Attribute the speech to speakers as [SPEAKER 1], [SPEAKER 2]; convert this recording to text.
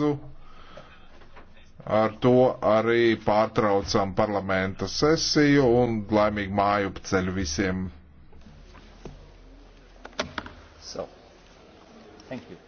[SPEAKER 1] lūdzu.
[SPEAKER 2] Ar to arī pārtraucam parlamenta sesiju un laimīgu māju ceļu visiem. So, thank you.